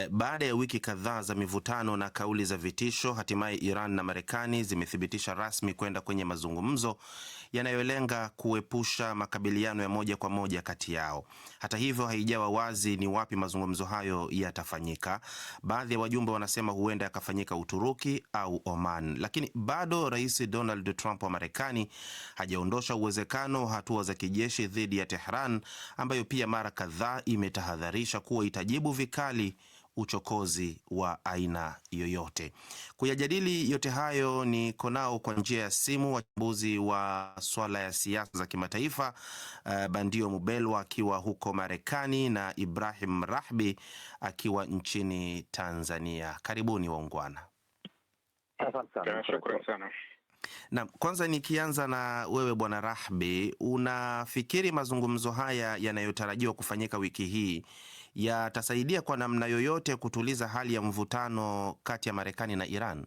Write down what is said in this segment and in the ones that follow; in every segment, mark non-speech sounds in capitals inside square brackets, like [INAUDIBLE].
Eh, baada ya wiki kadhaa za mivutano na kauli za vitisho, hatimaye Iran na Marekani zimethibitisha rasmi kwenda kwenye mazungumzo yanayolenga kuepusha makabiliano ya moja kwa moja kati yao. Hata hivyo, haijawa wazi ni wapi mazungumzo hayo yatafanyika. Baadhi ya wajumbe wanasema huenda yakafanyika Uturuki au Oman, lakini bado Rais Donald Trump wa Marekani hajaondosha uwezekano wa hatua za kijeshi dhidi ya Tehran, ambayo pia mara kadhaa imetahadharisha kuwa itajibu vikali uchokozi wa aina yoyote. Kuyajadili yote hayo ni konao kwa njia ya simu wachambuzi wa swala ya siasa za kimataifa uh, Bandio Mubelwa akiwa huko Marekani na Ibrahim Rahbi akiwa nchini Tanzania. Karibuni waungwana. Naam, kwanza nikianza na wewe Bwana Rahbi, unafikiri mazungumzo haya yanayotarajiwa kufanyika wiki hii yatasaidia kwa namna yoyote kutuliza hali ya mvutano kati ya Marekani na Iran?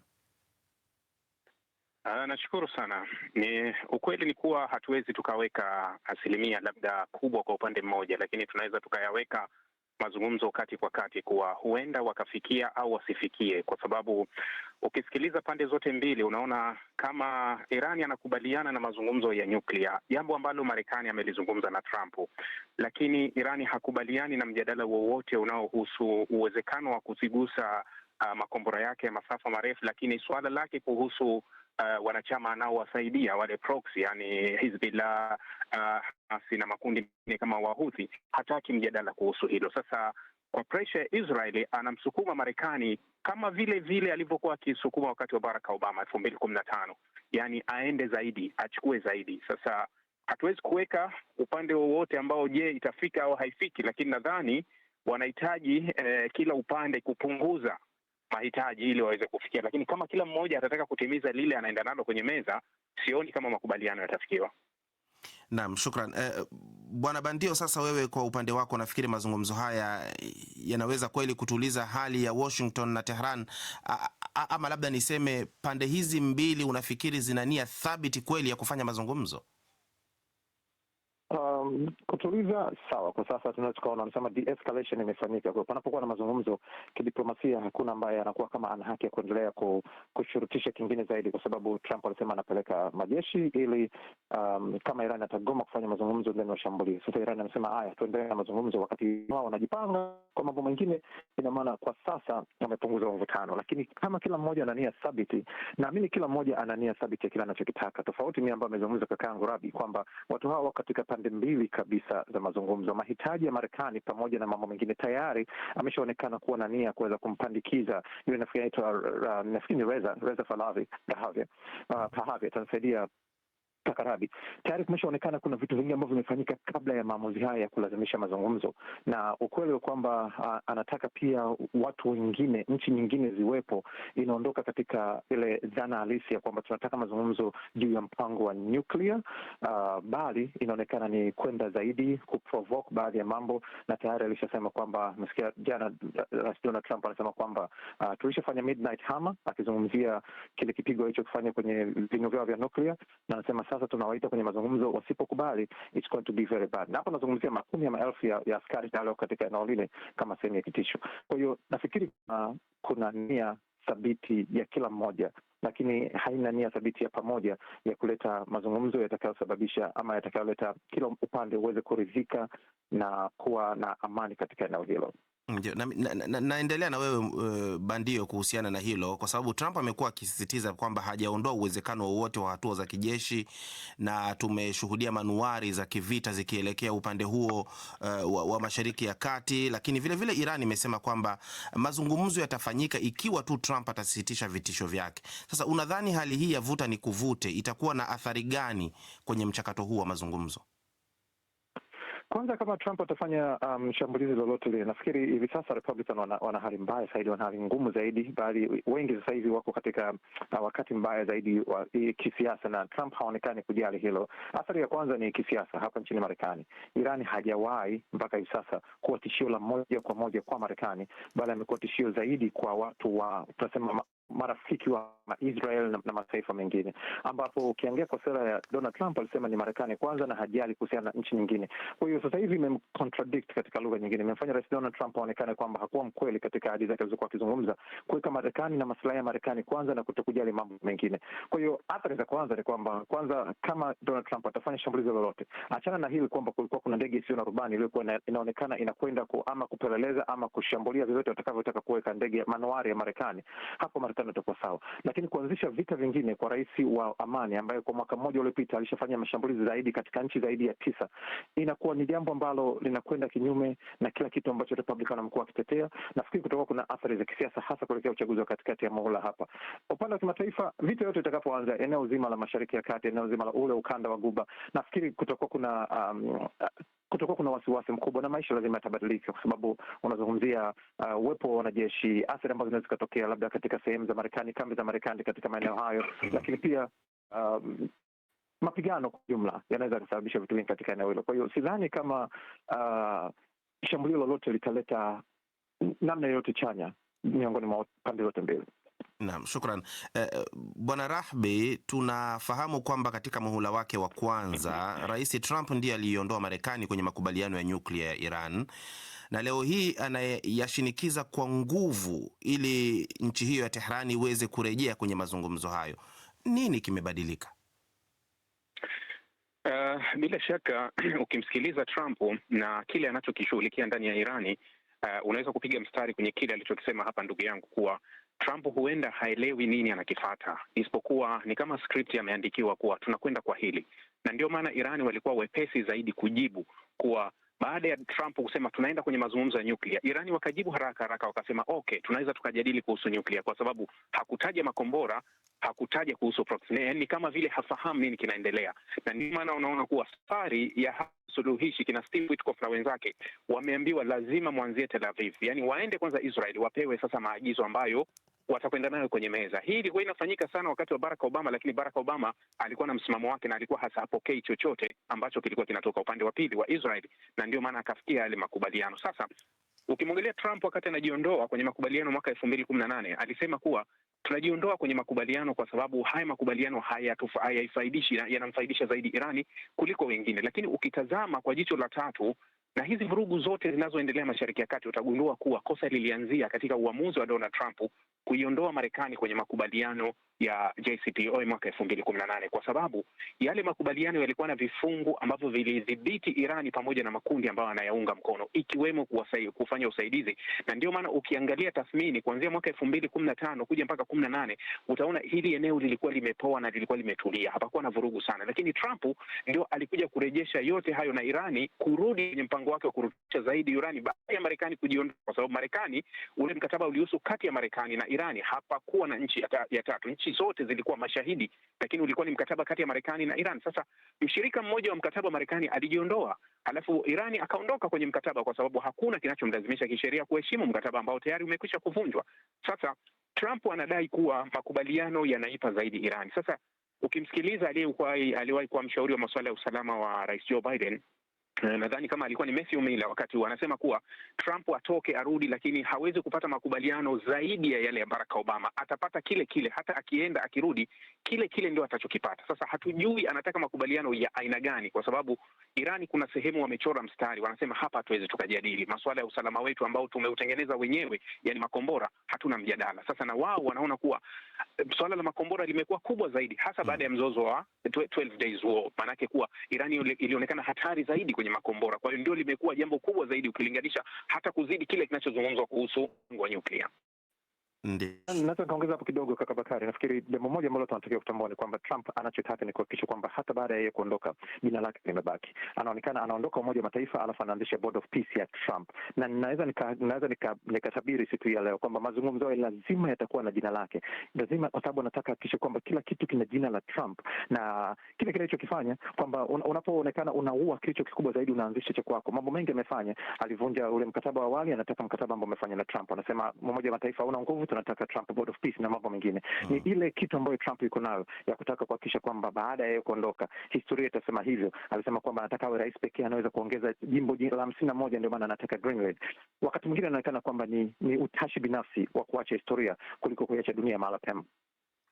Uh, nashukuru sana. Ni ukweli ni kuwa hatuwezi tukaweka asilimia labda kubwa kwa upande mmoja, lakini tunaweza tukayaweka mazungumzo kati kwa kati kuwa huenda wakafikia au wasifikie, kwa sababu ukisikiliza pande zote mbili unaona kama Irani anakubaliana na mazungumzo ya nyuklia, jambo ambalo Marekani amelizungumza na Trump, lakini Irani hakubaliani na mjadala wowote unaohusu uwezekano wa kuzigusa uh, makombora yake ya masafa marefu, lakini suala lake kuhusu uh, wanachama anaowasaidia wale proxy, yani Hizbullah uh, Hamasi na makundi mengine kama Wahuthi. Hataki mjadala kuhusu hilo. Sasa kwa presha ya Israeli anamsukuma Marekani kama vile vile alivyokuwa akisukuma wakati wa Barack Obama elfu mbili kumi na tano, yani aende zaidi, achukue zaidi. Sasa hatuwezi kuweka upande wowote ambao je itafika au haifiki, lakini nadhani wanahitaji eh, kila upande kupunguza mahitaji ili waweze kufikia, lakini kama kila mmoja atataka kutimiza lile anaenda nalo kwenye meza, sioni kama makubaliano yatafikiwa. Naam, shukran eh, Bwana Bandio. Sasa wewe kwa upande wako, nafikiri mazungumzo haya yanaweza kweli kutuliza hali ya Washington na Tehran, ama labda niseme pande hizi mbili, unafikiri zina nia thabiti kweli ya kufanya mazungumzo? Uh, kutuliza sawa. Kwa sasa tunaweza tukaona wanasema de imefanyika. kwao panapokuwa na mazungumzo kidiplomasia, hakuna ambaye anakuwa kama ana haki ya kuendelea kushurutisha kingine zaidi, kwa sababu Trump alisema anapeleka majeshi ili um, kama Iran atagoma kufanya mazungumzo then washambulie. Sasa Iran anasema haya, tuendelee na mazungumzo, wakati wao wanajipanga kwa mambo mengine. Ina maana kwa sasa wamepunguza mvutano, lakini kama kila mmoja ana nia thabiti, naamini kila mmoja ana nia thabiti ya kile anachokitaka, tofauti mi ambayo amezungumza kaka yangu kwamba watu hawa katika pande mbili mbiwi kabisa za mazungumzo. Mahitaji ya Marekani pamoja na mambo mengine, tayari ameshaonekana kuwa na nia kuweza kumpandikiza yule, nafikiri anaitwa, uh, nafikiri ni Reza Reza Pahlavi, Pahlavi uh, atamsaidia Takarabi. Tayari kumeshaonekana kuna vitu vingi ambavyo vimefanyika kabla ya maamuzi haya ya kulazimisha mazungumzo, na ukweli wa kwamba anataka pia watu wengine, nchi nyingine ziwepo, inaondoka katika ile dhana halisi ya kwamba tunataka mazungumzo juu ya mpango wa nyuklia uh, bali inaonekana ni kwenda zaidi kuprovoke baadhi ya mambo, na tayari alishasema kwamba, mesikia jana Rais Donald Trump anasema kwamba uh, tulishafanya midnight hammer, akizungumzia kile kipigo alichokifanya kwenye vinywa vyao vya nuklia, na anasema sasa tunawaita kwenye mazungumzo, wasipokubali it's going to be very bad. Na hapo nazungumzia makumi ya maelfu ya, ya askari tayari wako katika eneo lile kama sehemu ya kitisho. Kwa hiyo nafikiri uh, kuna nia thabiti ya kila mmoja lakini haina nia thabiti ya pamoja ya kuleta mazungumzo yatakayosababisha ama yatakayoleta kila upande uweze kuridhika na kuwa na amani katika eneo hilo. Na, na, na, naendelea na wewe uh, Bandio, kuhusiana na hilo, kwa sababu Trump amekuwa akisisitiza kwamba hajaondoa uwezekano wowote wa hatua za kijeshi, na tumeshuhudia manuari za kivita zikielekea upande huo uh, wa, wa Mashariki ya Kati, lakini vilevile vile Iran imesema kwamba mazungumzo yatafanyika ikiwa tu Trump atasisitisha vitisho vyake. Sasa unadhani hali hii ya vuta ni kuvute itakuwa na athari gani kwenye mchakato huu wa mazungumzo? Kwanza, kama Trump atafanya um, shambulizi lolote lile, nafikiri hivi sasa Republican wana, wana hali mbaya zaidi, wana hali ngumu zaidi, bali wengi sasa hivi wako katika uh, wakati mbaya zaidi wa kisiasa, na Trump haonekani kujali hilo. Athari ya kwanza ni kisiasa hapa nchini Marekani. Irani hajawahi mpaka hivi sasa kuwa tishio la moja kwa moja kwa Marekani, bali amekuwa tishio zaidi kwa watu wa tunasema marafiki wa Israel na, na mataifa mengine, ambapo ukiangalia kwa sera ya Donald Trump alisema ni Marekani kwanza na hajali kuhusiana na nchi nyingine. Kwa hiyo sasa hivi imemcontradict katika lugha nyingine, imemfanya Rais Donald Trump aonekane kwamba hakuwa mkweli katika ahadi zake alizokuwa akizungumza, kuweka Marekani na masilahi ya Marekani kwanza na kutokujali mambo mengine. Kwa hiyo athari za kwanza ni kwamba kwanza, kama Donald Trump atafanya shambulizi lolote, achana na hili kwamba kulikuwa kuna ndege isiyo na rubani iliyokuwa inaonekana inakwenda ku, ama kupeleleza ama kushambulia vyovyote watakavyotaka kuweka ndege manuari ya Marekani, hapo Marekani sana itakuwa sawa, lakini kuanzisha vita vingine kwa rais wa amani ambaye kwa mwaka mmoja uliopita alishafanya mashambulizi zaidi katika nchi zaidi ya tisa inakuwa ni jambo ambalo linakwenda kinyume na kila kitu ambacho Republican amekuwa akitetea. Nafikiri kutakuwa kuna athari za kisiasa, hasa kuelekea uchaguzi wa katikati ya muhula hapa. Upande wa kimataifa, vita yote itakapoanza, eneo zima la Mashariki ya Kati, eneo zima la ule ukanda wa Guba, nafikiri kutakuwa kuna um, kutokuwa kuna wasiwasi mkubwa na maisha lazima yatabadilika, kwa sababu unazungumzia uh, uwepo uh, wa wanajeshi, athari ambazo zinaweza zikatokea labda katika sehemu za Marekani, kambi za Marekani katika maeneo hayo, lakini pia um, mapigano kwa jumla yanaweza yakasababisha vitu vingi katika eneo hilo. Kwa hiyo sidhani kama uh, shambulio lolote litaleta namna yoyote chanya miongoni mwa pande zote mbili. Naam, shukran eh, Bwana Rahbi, tunafahamu kwamba katika muhula wake wa kwanza [LAUGHS] Rais Trump ndiye aliiondoa Marekani kwenye makubaliano ya nyuklia ya Iran na leo hii anayashinikiza kwa nguvu ili nchi hiyo ya Tehrani iweze kurejea kwenye mazungumzo hayo. Nini kimebadilika? Uh, bila shaka [CLEARS THROAT] ukimsikiliza Trump na kile anachokishughulikia ndani ya Irani, uh, unaweza kupiga mstari kwenye kile alichokisema hapa ndugu yangu kuwa Trump huenda haelewi nini anakifata, isipokuwa ni kama script ameandikiwa kuwa tunakwenda kwa hili, na ndio maana iran walikuwa wepesi zaidi kujibu kuwa baada ya Trump kusema tunaenda kwenye mazungumzo ya nyuklia, Irani wakajibu haraka haraka, wakasema okay, tunaweza tukajadili kuhusu nyuklia, kwa sababu hakutaja makombora, hakutaja kuhusu proxy, ni kama vile hafahamu nini kinaendelea. Na ndio maana unaona kuwa safari ya suluhishi kina Steve Witkoff na wenzake wameambiwa lazima mwanzie Tel Aviv, waende kwanza Israel, wapewe sasa maagizo ambayo watakwenda nayo kwenye meza. Hii ilikuwa inafanyika sana wakati wa Barack Obama, lakini Barack Obama alikuwa na msimamo wake na alikuwa hasa hapokei chochote ambacho kilikuwa kinatoka upande wa pili wa Israel, na ndio maana akafikia yale makubaliano. Sasa ukimwongelea Trump wakati anajiondoa kwenye makubaliano mwaka elfu mbili kumi na nane alisema kuwa tunajiondoa kwenye makubaliano kwa sababu haya makubaliano hayaifaidishi, yanamfaidisha zaidi Irani kuliko wengine. Lakini ukitazama kwa jicho la tatu na hizi vurugu zote zinazoendelea Mashariki ya Kati, utagundua kuwa kosa lilianzia katika uamuzi wa Donald Trump kuiondoa Marekani kwenye makubaliano ya JCPOA mwaka elfu mbili kumi na nane kwa sababu yale makubaliano yalikuwa na vifungu ambavyo vilidhibiti Irani pamoja na makundi ambayo anayaunga mkono ikiwemo kuwasai, kufanya usaidizi, na ndio maana ukiangalia tathmini kuanzia mwaka elfu mbili kumi na tano kuja mpaka kumi na nane utaona hili eneo lilikuwa limepoa na lilikuwa limetulia, hapakuwa na vurugu sana, lakini Trump ndio alikuja kurejesha yote hayo na Irani kurudi kwenye mpango wake wa kurudisha zaidi Irani baada ya Marekani kujiondoa, kwa sababu Marekani ule mkataba ulihusu kati ya Marekani na Irani, hapakuwa na nchi ya tatu nchi zote zilikuwa mashahidi, lakini ulikuwa ni mkataba kati ya Marekani na Iran. Sasa mshirika mmoja wa mkataba wa Marekani alijiondoa, alafu Irani akaondoka kwenye mkataba, kwa sababu hakuna kinachomlazimisha kisheria kuheshimu mkataba ambao tayari umekwisha kuvunjwa. Sasa Trump anadai kuwa makubaliano yanaipa zaidi Irani. Sasa ukimsikiliza aliyewahi kuwa mshauri wa masuala ya usalama wa Rais Joe Biden Eh, nadhani kama alikuwa ni Matthew Miller wakati huu anasema kuwa Trump atoke arudi, lakini hawezi kupata makubaliano zaidi ya yale ya Barack Obama. Atapata kile kile, hata akienda akirudi, kile kile ndio atachokipata. Sasa hatujui anataka makubaliano ya aina gani, kwa sababu Irani kuna sehemu wamechora mstari, wanasema hapa hatuwezi tukajadili masuala ya usalama wetu ambao tumeutengeneza wenyewe, yani makombora, hatuna mjadala. Sasa na wao wanaona kuwa eh, suala la makombora limekuwa kubwa zaidi, hasa hmm. baada ya mzozo wa 12 days war, maanake kuwa Irani ilionekana hatari zaidi kwenye makombora. Kwa hiyo ndio limekuwa jambo kubwa zaidi ukilinganisha hata kuzidi kile kinachozungumzwa kuhusu wa nyuklia. Naweza nikaongeza hapo kidogo, kaka Bakari. Nafikiri jambo moja ambalo tunatakiwa kutambua ni kwamba Trump anachotaka ni kuhakikisha kwamba hata baada ya yeye kuondoka jina lake limebaki. Anaonekana anaondoka Umoja wa Mataifa alafu anaanzisha Board of Peace ya Trump, na naweza nikatabiri siku hii ya leo kwamba mazungumzo hayo lazima yatakuwa na jina lake, lazima, kwa sababu anataka kuhakikisha kwamba kila kitu kina jina la Trump na kile kinachokifanya kwamba unapoonekana unaua kilicho kikubwa zaidi, unaanzisha cha kwako. Mambo mengi amefanya, alivunja ule mkataba wa awali, anataka mkataba ambao amefanya na Trump, anasema Umoja wa Mataifa una nguvu tunataka Trump board of peace na mambo mengine uh ah. -huh. Ni ile kitu ambayo Trump yuko nayo ya kutaka kuhakikisha kwamba baada ya yeye kuondoka, historia itasema hivyo. Alisema kwamba anataka awe rais pekee anaweza kuongeza jimbo la hamsini na moja, ndio maana anataka Greenland. Wakati mwingine anaonekana kwamba ni, ni utashi binafsi wa kuacha historia kuliko kuiacha dunia mahala pema.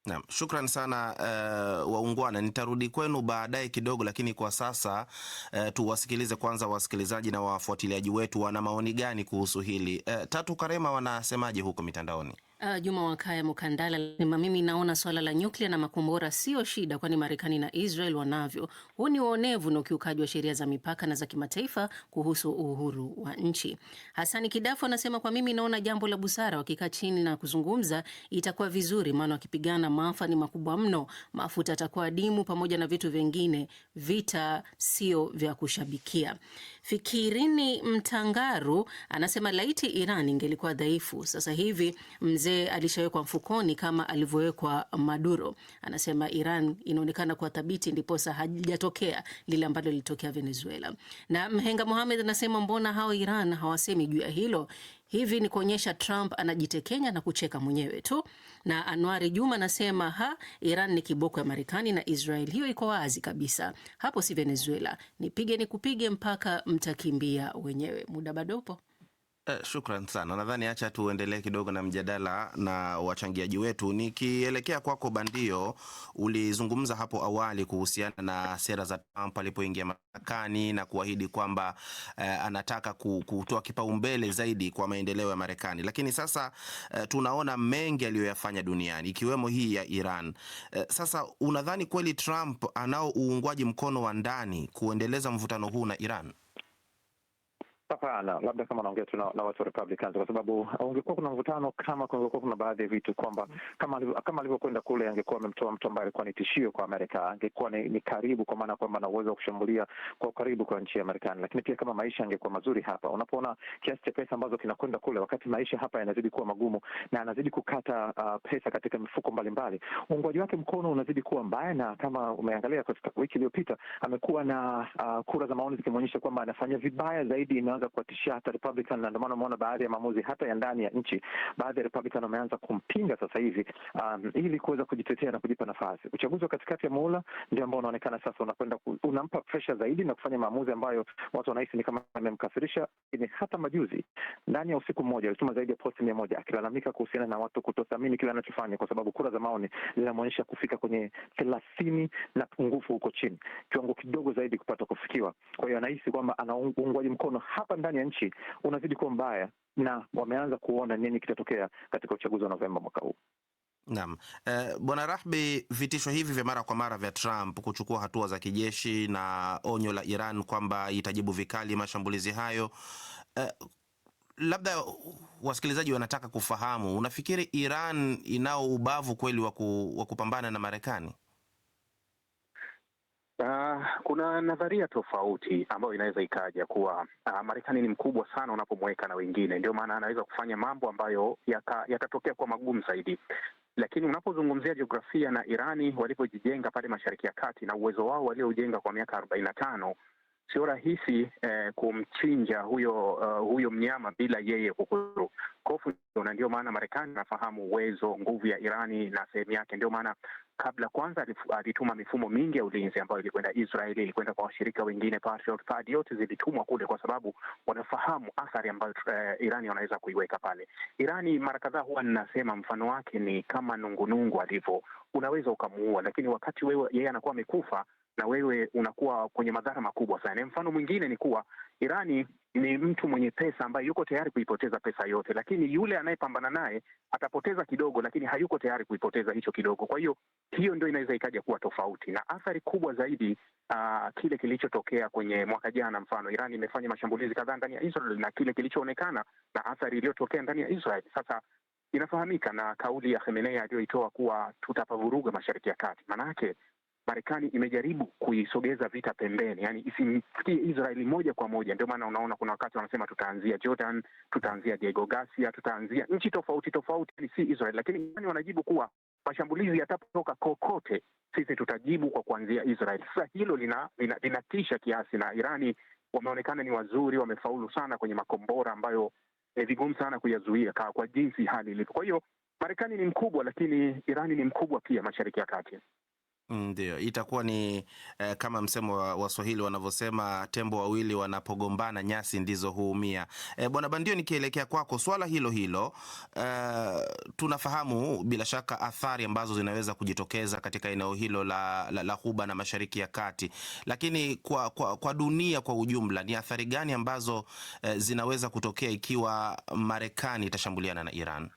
Naam, shukran sana uh, waungwana. Nitarudi kwenu baadaye kidogo, lakini kwa sasa uh, tuwasikilize kwanza wasikilizaji na wafuatiliaji wetu wana maoni gani kuhusu hili. Uh, Tatu Karema wanasemaje huko mitandaoni? Uh, Juma Wakaya Mukandala lima, mimi naona swala la nyuklia na makombora sio shida, kwani Marekani na Israel wanavyo. Huu ni uonevu na ukiukaji wa sheria za mipaka na za kimataifa kuhusu uhuru wa nchi. Hasani Kidafu anasema kwa mimi naona jambo la busara, wakikaa chini na kuzungumza itakuwa vizuri, maana wakipigana maafa ni makubwa mno, mafuta atakuwa adimu pamoja na vitu vingine. Vita sio vya kushabikia. Fikirini Mtangaru anasema laiti Iran ingelikuwa dhaifu sasa hivi mze Mzee alishawekwa mfukoni kama alivyowekwa Maduro. Anasema Iran inaonekana kuwa thabiti, ndiposa hajatokea lile ambalo lilitokea Venezuela. Na Mhenga Mohamed anasema mbona hao Iran hawasemi juu ya hilo? Hivi ni kuonyesha Trump anajitekenya na kucheka mwenyewe tu. Na Anwari Juma anasema ha, Iran ni kiboko ya Marekani na Israel, hiyo iko wazi kabisa. Hapo si Venezuela, nipige nikupige mpaka mtakimbia wenyewe. Muda bado upo. Eh, shukran sana. Nadhani acha tuendelee kidogo na mjadala na wachangiaji wetu. Nikielekea kwako Bandio, ulizungumza hapo awali kuhusiana na sera za Trump alipoingia madarakani na kuahidi kwamba eh, anataka kutoa kipaumbele zaidi kwa maendeleo ya Marekani, lakini sasa eh, tunaona mengi aliyoyafanya duniani ikiwemo hii ya Iran. Eh, sasa unadhani kweli Trump anao uungwaji mkono wa ndani kuendeleza mvutano huu na Iran? Hapana, labda kama naongea tu na, na watu wa Republicans kwa sababu ungekuwa kuna mvutano kama kungekuwa kuna baadhi ya vitu kwamba kama kama alivyokwenda kule, angekuwa amemtoa mtu ambaye alikuwa ni tishio kwa Amerika, angekuwa ni, ni karibu kwa maana kwamba ana uwezo wa kushambulia kwa ukaribu kwa nchi ya Marekani, lakini pia kama maisha angekuwa mazuri hapa. Unapoona kiasi cha pesa ambazo kinakwenda kule, wakati maisha hapa yanazidi kuwa magumu na anazidi kukata uh, pesa katika mifuko mbalimbali, uungwaji wake mkono unazidi kuwa mbaya, na kama umeangalia katika wiki iliyopita amekuwa na uh, kura za maoni zikimwonyesha kwamba anafanya vibaya zaidi na wameanza kuwatishia hata Republican, na ndio maana umeona baadhi ya maamuzi hata ya ndani ya nchi, baadhi ya Republican wameanza kumpinga sasa hivi, um, ili kuweza kujitetea na kujipa nafasi. Uchaguzi wa katikati ya muhula ndio ambao unaonekana sasa unakwenda unampa pressure zaidi na kufanya maamuzi ambayo watu wanahisi ni kama amemkasirisha. Lakini hata majuzi, ndani ya usiku mmoja, alituma zaidi ya posti mia moja akilalamika kuhusiana na watu kutothamini kile anachofanya, kwa sababu kura za maoni zinamwonyesha kufika kwenye thelathini na pungufu huko chini, kiwango kidogo zaidi kupata kufikiwa. Kwa hiyo anahisi kwamba ana uungwaji mkono hapa hapa ndani ya nchi unazidi kuwa mbaya, na wameanza kuona nini kitatokea katika uchaguzi wa Novemba mwaka huu. Naam, eh, Bwana Rahbi, vitisho hivi vya mara kwa mara vya Trump kuchukua hatua za kijeshi na onyo la Iran kwamba itajibu vikali mashambulizi hayo eh, labda wasikilizaji wanataka kufahamu, unafikiri Iran inao ubavu kweli wa kupambana na Marekani? Uh, kuna nadharia tofauti ambayo inaweza ikaja kuwa uh, Marekani ni mkubwa sana unapomweka na wengine, ndio maana anaweza kufanya mambo ambayo yakatokea yaka kuwa magumu zaidi lakini unapozungumzia jiografia na Irani walipojijenga pale Mashariki ya Kati na uwezo wao walioujenga kwa miaka arobaini na tano sio rahisi eh, kumchinja huyo uh, huyo mnyama bila yeye kukuru kofu, na ndio maana Marekani anafahamu uwezo, nguvu ya Irani na sehemu yake. Ndio maana kabla kwanza alituma mifumo mingi ya ulinzi ambayo ilikwenda Israel, ilikwenda kwa washirika wengine, Patriot, yote zilitumwa kule, kwa sababu wanafahamu athari ambayo uh, Irani wanaweza kuiweka pale. Irani mara kadhaa huwa ninasema mfano wake ni kama nungunungu alivyo, unaweza ukamuua, lakini wakati wewe yeye anakuwa amekufa na wewe unakuwa kwenye madhara makubwa sana. Mfano mwingine ni kuwa Irani ni mtu mwenye pesa ambaye yuko tayari kuipoteza pesa yote, lakini yule anayepambana naye atapoteza kidogo, lakini hayuko tayari kuipoteza hicho kidogo. Kwa hiyo hiyo ndio inaweza ikaja kuwa tofauti na athari kubwa zaidi. Uh, kile kilichotokea kwenye mwaka jana, mfano Irani imefanya mashambulizi kadhaa ndani ya Israel na kile kilichoonekana na athari iliyotokea ndani ya Israel sasa inafahamika na kauli ya Khamenei aliyoitoa kuwa tutapavuruga Mashariki ya Kati. Maanake Marekani imejaribu kuisogeza vita pembeni, yani isimfikie Israeli moja kwa moja. Ndio maana unaona kuna wakati wanasema tutaanzia Jordan, tutaanzia Diego Garcia, tutaanzia nchi tofauti tofauti, si Israeli. Lakini wanajibu kuwa mashambulizi yatapotoka kokote, sisi tutajibu kwa kuanzia Israeli. Sasa hilo linatisha lina, lina kiasi, na Irani wameonekana ni wazuri, wamefaulu sana kwenye makombora ambayo ni eh, vigumu sana kuyazuia kwa jinsi hali ilivyo. Kwa hiyo Marekani ni mkubwa, lakini Irani ni mkubwa pia mashariki ya kati. Ndio, itakuwa ni eh, kama msemo wa Waswahili wanavyosema tembo wawili wanapogombana nyasi ndizo huumia. Eh, Bwana Bandio, nikielekea kwako swala hilo hilo, eh, tunafahamu bila shaka athari ambazo zinaweza kujitokeza katika eneo hilo la, la, la Ghuba na Mashariki ya Kati, lakini kwa, kwa, kwa dunia kwa ujumla ni athari gani ambazo eh, zinaweza kutokea ikiwa Marekani itashambuliana na Iran?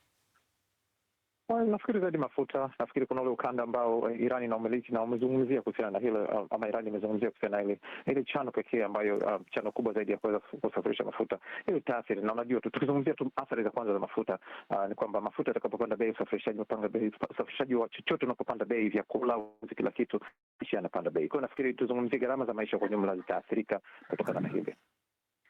Nafikiri zaidi mafuta. Nafikiri kuna ule ukanda ambao eh, iran inaumiliki na wamezungumzia kuhusiana na hilo, ama Iran imezungumzia kuhusiana na ile ile chano pekee ambayo um, chano kubwa zaidi ya kuweza kusafirisha mafuta. Hiyo itaathiri, na unajua tu, tukizungumzia tu athari za kwanza za mafuta uh, ni kwamba mafuta atakapopanda bei, usafirishaji unapanda bei, usafirishaji wa chochote unapopanda bei, vyakula, kila kitu, maisha yanapanda bei. Kwa hiyo nafikiri tuzungumzie gharama za maisha kwa jumla zitaathirika kutokana na hili.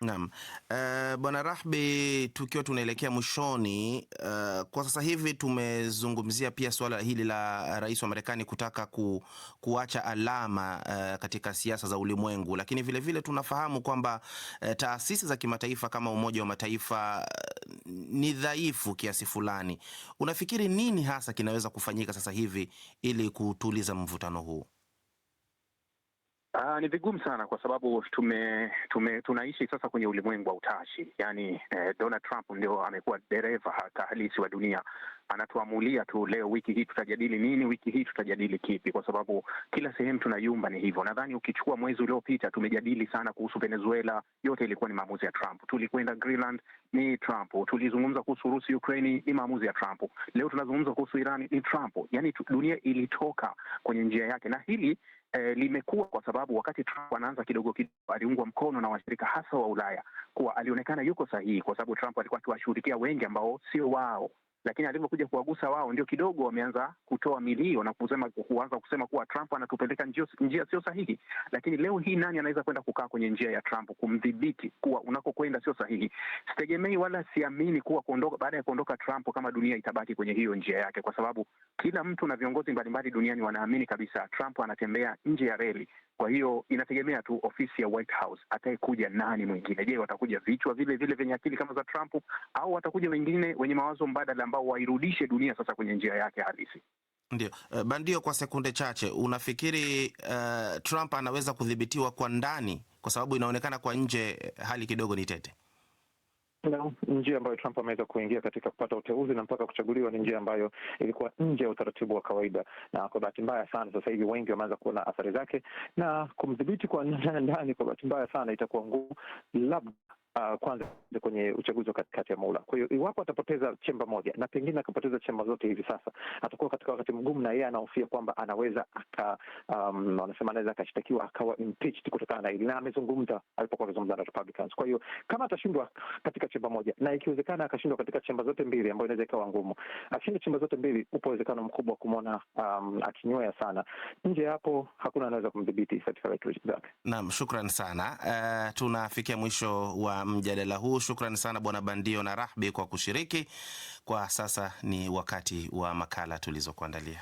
Naam. Uh, Bwana Rahbi, tukiwa tunaelekea mwishoni, uh, kwa sasa hivi tumezungumzia pia suala hili la rais wa Marekani kutaka ku, kuacha alama uh, katika siasa za ulimwengu, lakini vilevile vile tunafahamu kwamba uh, taasisi za kimataifa kama Umoja wa Mataifa uh, ni dhaifu kiasi fulani. Unafikiri nini hasa kinaweza kufanyika sasa hivi ili kutuliza mvutano huu? Uh, ni vigumu sana kwa sababu tume, tume tunaishi sasa kwenye ulimwengu wa utashi, yaani eh, Donald Trump ndio amekuwa dereva hata halisi wa dunia. Anatuamulia tu leo, wiki hii tutajadili nini, wiki hii tutajadili kipi, kwa sababu kila sehemu tunayumba. Ni hivyo, nadhani ukichukua mwezi uliopita tumejadili sana kuhusu Venezuela, yote ilikuwa ni maamuzi ya Trump. Tulikwenda Greenland, ni Trump. Tulizungumza kuhusu Urusi, Ukraine ni maamuzi ya Trump. Leo tunazungumza kuhusu Iran ni Trump. Yaani dunia ilitoka kwenye njia yake, na hili eh, limekuwa kwa sababu wakati Trump anaanza kidogo kidogo aliungwa mkono na washirika hasa wa Ulaya kuwa alionekana yuko sahihi, kwa sababu Trump alikuwa akiwashughulikia wengi ambao sio wao lakini alivyokuja kuwagusa wao ndio kidogo wameanza kutoa milio na kusema, kuanza kusema kuwa Trump anatupeleka njia sio sahihi. Lakini leo hii nani anaweza kwenda kukaa kwenye njia ya Trump kumdhibiti kuwa unakokwenda sio sahihi? Sitegemei wala siamini kuwa kuondoka, baada ya kuondoka Trump kama dunia itabaki kwenye hiyo njia yake, kwa sababu kila mtu na viongozi mbalimbali duniani wanaamini kabisa Trump anatembea nje ya reli kwa hiyo inategemea tu ofisi ya White House atayekuja nani mwingine. Je, watakuja vichwa vile vile vyenye akili kama za Trump au watakuja wengine wenye mawazo mbadala ambao wairudishe dunia sasa kwenye njia yake halisi? Ndio eh, Bandio, kwa sekunde chache, unafikiri uh, Trump anaweza kudhibitiwa kwa ndani, kwa sababu inaonekana kwa nje eh, hali kidogo ni tete? No, njia ambayo Trump ameweza kuingia katika kupata uteuzi na mpaka kuchaguliwa ni njia ambayo ilikuwa nje ya utaratibu wa kawaida, na kwa bahati mbaya sana sasa hivi wengi wameanza kuona athari zake, na kumdhibiti kwa [LAUGHS] ndani, kwa bahati mbaya sana itakuwa ngumu, labda uh, kwanza kwenye uchaguzi wa katikati ya muula. Kwa hiyo iwapo atapoteza chemba moja na pengine akapoteza chemba zote hivi sasa, atakuwa katika wakati mgumu, na yeye anahofia kwamba anaweza aka um, wanasema anaweza akashtakiwa akawa impeached kutokana na hili, na amezungumza alipokuwa akizungumza na Republicans. Kwa hiyo kama atashindwa katika chemba moja na ikiwezekana akashindwa katika chemba zote mbili, ambayo inaweza ikawa ngumu, akishinda chemba zote mbili, upo uwezekano mkubwa wa kumwona um, akinywea sana. Nje hapo hakuna anaweza kumdhibiti katika zake. Naam, shukran sana. Uh, tunafikia mwisho wa mjadala huu. Shukrani sana Bwana Bandio na Rahbi kwa kushiriki. Kwa sasa ni wakati wa makala tulizokuandalia.